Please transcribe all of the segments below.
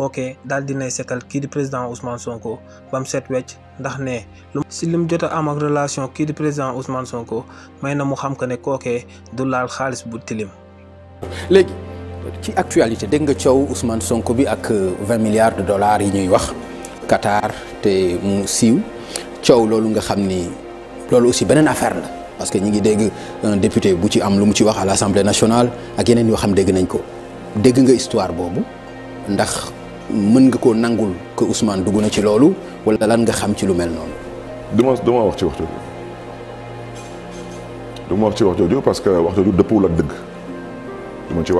kookee dal dina setal kii di président Ousmane Sonko bam set wecc ndax né si lim jot am ak relation kii di président Ousmane Sonko mayna mu xam que ne kookee du lal khalis bu tilim. légui ci actualité dégg nga ciow Ousmane Sonko bi ak 20 euh, milliards de dollars yi ñuy wax Qatar te mu siw ciow lolu nga xamni lolu aussi benen affaire la parce que ñi ngi dégg un député bu ci am lu mu ci wax à l'Assemblée nationale ak yeneen yoo xam dégg nañ ko dégg nga histoire bobu ndax mën nga koo nangul que Ousmane dugg ci wala lan nga xam ci lu mel wax ci wax ci parce que wax jooju pas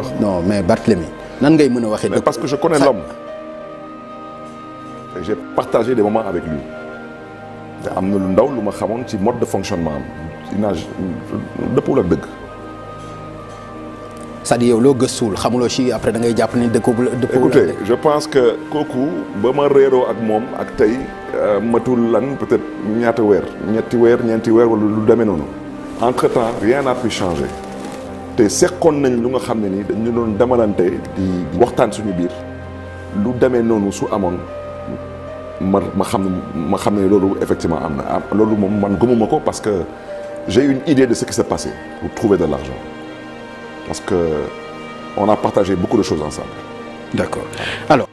ak non mais Bartlemy. ngay parce que je connais l'homme j'ai partagé des moments avec lui lu mode de fonctionnement ak c'est-à-dire yow loo gëstuwul xamuloo ci après da ngay japp ni de dëkku de écoutez je pense que koku bama rero ak mom ak tay euh, matul lan peut-être ñata weer ñetti weer ñenti weer wala lu demee nonu entre temps rien n'a pu changer te seqoon nañ lu nga xamné ne ni dañu don demalante di waxtaan suñu biir lu demee nonu su amoon ma ma xam ma xam lolu effectivement amna lolu mom man gëmuma ko parce que j'ai une idée de ce qui s'est passé pour trouver de l'argent parce que on a partagé beaucoup de choses ensemble. d'accord alors.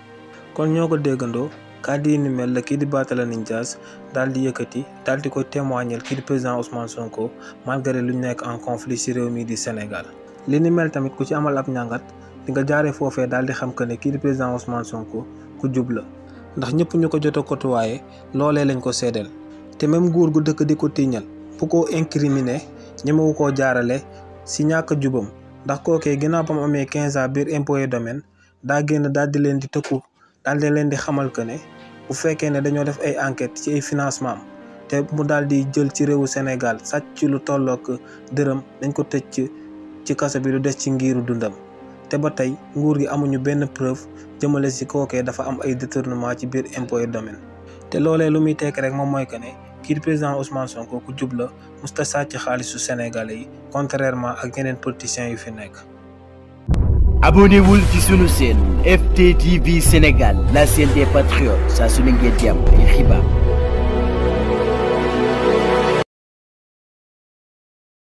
kon ñoko déggando déggandoo ni mel la kii di Barthélémy Dias daal di yëkëti dal di ko témoigner kii di président Ousmane Sonko malgré lu nekk en conflit ci réew mi di Sénégal. li ni mel tamit ku ci amal ab ñangat di nga jaaree fofé dal di xam que ne kii di président Ousmane Sonko ku jub la ndax ñëpp ñu ko jot lolé lañ ko sédel té même nguur gu dëkk di ko tiiñal bu ko incriminé ñemewu ko jaarale ci ñàkk jubam. ndax kookee ginnaaw ba mu amee 15 ans biir impôt domaine daa génn daldi leen di tëkku daal di leen di xamal que ne bu fekkee ne dañoo def ay enquête ci ay financement te mu daal di jël ci réewu Sénégal sàcc ci lu tollook dërëm dañ ko tëj ci kaso bi lu des ci ngiiru dundam te ba tey nguur gi amuñu benn preuve jëmale si kookee dafa am ay détournement ci biir impôt et domaine te loolee lu muy tekk rek moom mooy ne Qui représente président Ousmane Sonko ku jub la musta xaalisu Sénégalais yi contrairement ak yeneen politiciens yu fi vous sur ci sunu chaîne FTTV Sénégal la chaîne des patriotes Ça, su ngeen